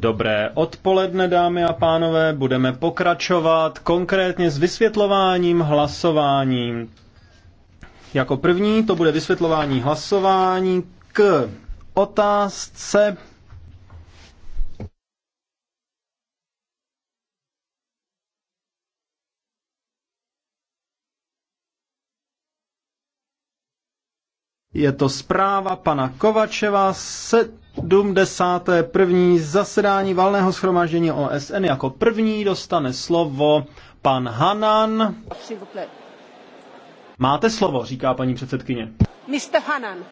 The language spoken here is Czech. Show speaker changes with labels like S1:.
S1: Dobré odpoledne, dámy a pánové. Budeme pokračovat konkrétně s vysvětlováním hlasování. Jako první to bude vysvětlování hlasování k otázce Je to zpráva pana Kovačeva se 71. zasedání valného schromáždění OSN. Jako první dostane slovo pan Hanan. Máte slovo, říká paní předsedkyně.
S2: Mr. Hanan.